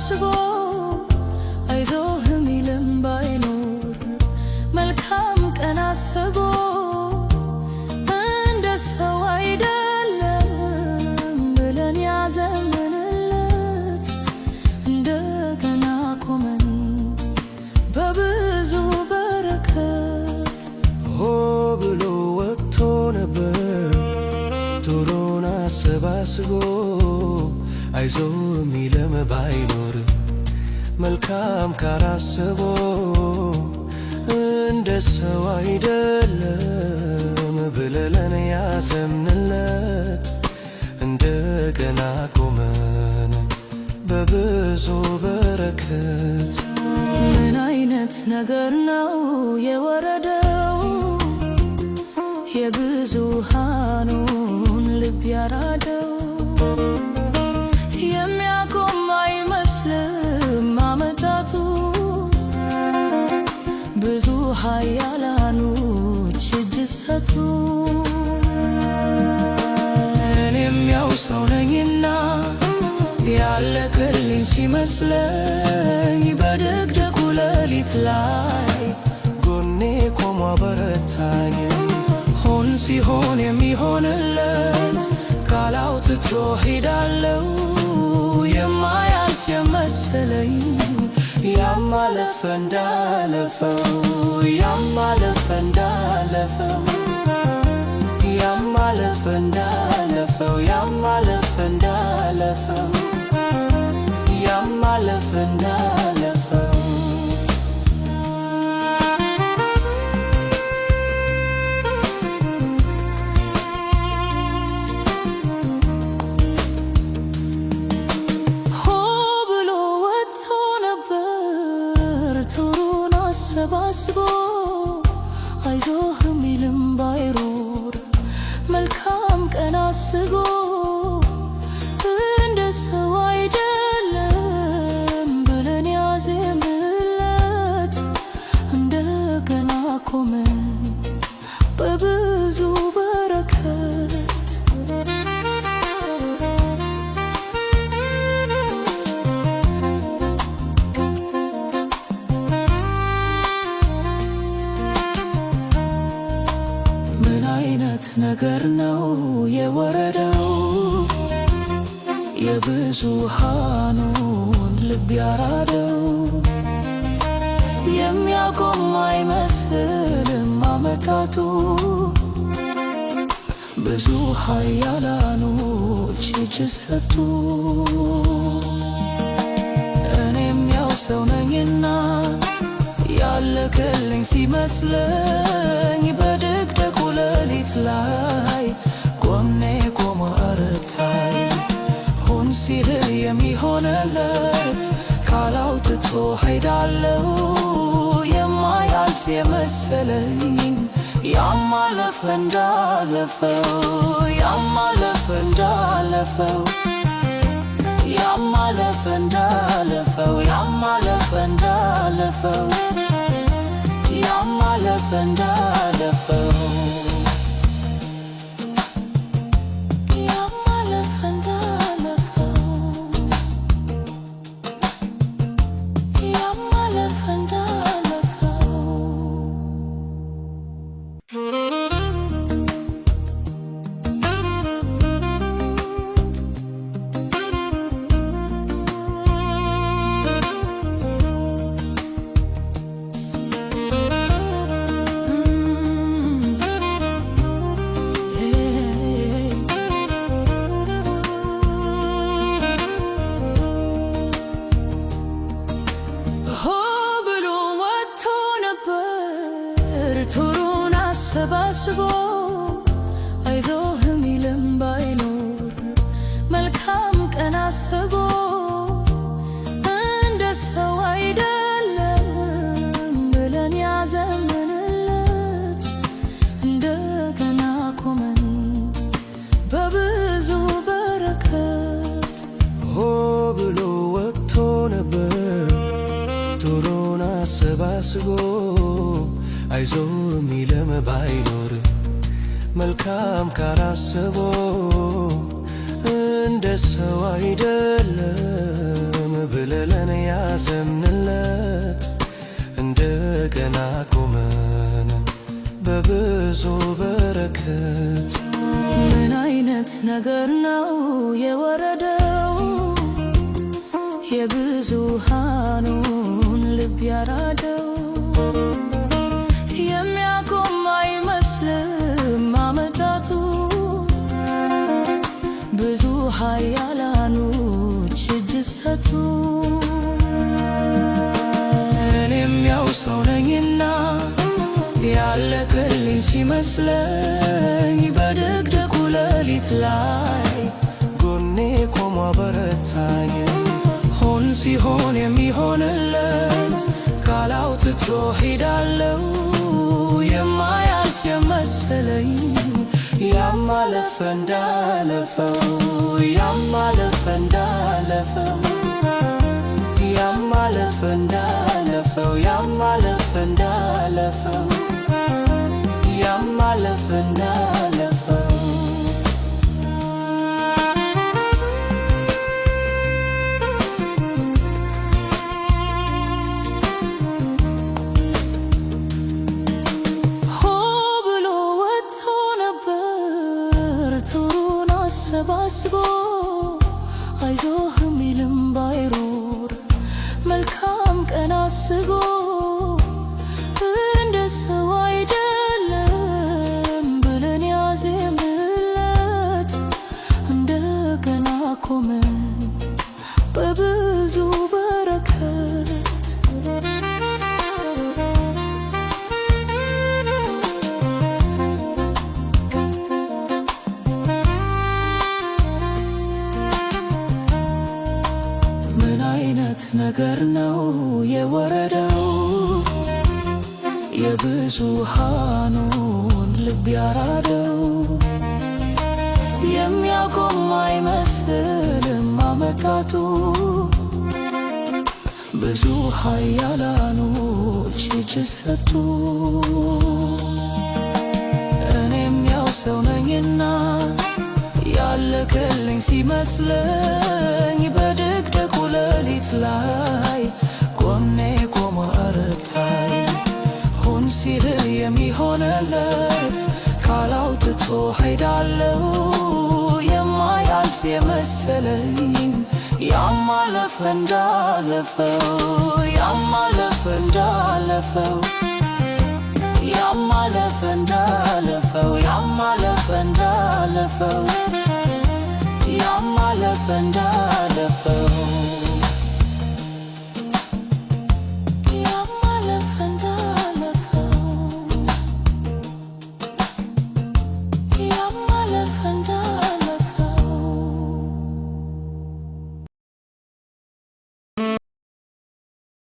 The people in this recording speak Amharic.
አስቦ አይዞህም ይልም ባይኖር መልካም ቀን አስቦ እንደ ሰው አይደለም ብለን ያዘምንለት እንደገና ቆመን በብዙ በረከት ሆ ብሎ ወጥቶ ነበር ቶሎን አሰባስቦ አይዞ ሚለም ባይኖር መልካም ካላሰቦ እንደ ሰው አይደለም ብለለን ያዘንለት እንደገና ቆመን በብዙ በረከት ምን አይነት ነገር ነው የወረደው የብዙሃኑን ልብ ያራደ ለኃያላኖች እጅ ሰጡ። እኔም ያው ሰው ነኝና ያለቀልኝ ሲመስለኝ በደግደጉ ሌሊት ላይ ጎኔ ቆሞ አበረታኝ። ሆን ሲሆን የሚሆንለት ቃል አውጥቶ ሄዳለው የማያልፍ የመሰለኝ ያም እንዳለፈው ያም አለፈ እንዳለፈው ያም አለፈ እንዳለፈው ያም አለፈ እንዳለፈው ያም እንዳለፈው ሆ ብሎ ወጥቶ ነበር ቱሩን አሰባስቦ አይዞህ የሚልም ባይሮር መልካም ቀን አስጎ ነገር ነው የወረደው የብዙሃኑን ልብ ያራደው የሚያቆም አይመስልም አመታቱ ብዙ ኃያላኖች እጅ ሰጡ። እኔም ያው ሰው ነኝና ያለቀልኝ ሲመስለኝ መሬት ላይ ቆሜ ቆሞ አረታይ ሁን ሲል የሚሆንለት ካላውትቶ ሄዳለው የማያልፍ የመሰለኝ ያማለፈ እንዳለፈው ያማለፈ እንዳለፈው ያማለፈ እንዳለፈው ያማለፈ እንዳለፈው ያማለፈ እንዳለፈው አስቦ አይዞህም ይልም ባይኖር መልካም ቀን አስቦ እንደ ሰው አይደለም ብለን ያዘምንለት እንደገና ቆመን በብዙ በረከት ሆ ብሎ ወጥቶ ነበር ቶሎን አሰባስቦ አይዞ ሚለም ባይኖር መልካም ካላስቦ እንደ ሰው አይደለም ብለለን ያዘንለት እንደገና ቆመን በብዙ በረከት ምን አይነት ነገር ነው የወረደው የብዙሃን ለኃያላኖች እጅ ሰጡ። እኔም ያው ሰው ነኝና ያለቀልኝ ሲመስለኝ በደግደጉ ሌሊት ላይ ጎኔ ቆሞ አበረታኝ። ሆን ሲሆን የሚሆንለት ቃል አውጥቶ ሄዳለው የማያልፍ የመሰለኝ ያም እንዳለፈው አይዞህ የሚልም ባይሮር መልካም ቀን አስቦ እንደ ሰው አይደለም ብለን ያዜምለት እንደገና ቆመን በብዙ በረከት እውነት ነገር ነው የወረደው የብዙሃኑን ልብ ያራደው የሚያቆም አይመስልም አመታቱ ብዙ ኃያላኖች እጅ ሰጡ። እኔም ያው ሰው ነኝና ያለክልኝ ሲመስለኝ ሌሊት ላይ ጎኔ ቆሞ አረብታይ ሁን ሲልህ የሚሆንለት ካላውትቶ ሄዳለው የማያልፍ የመሰለኝ ያማለፈ እንዳለፈው ያማለፈ እንዳለፈው ያማለፈ እንዳለፈው ያማለፈ እንዳለፈው ያማለፈ እንዳለፈው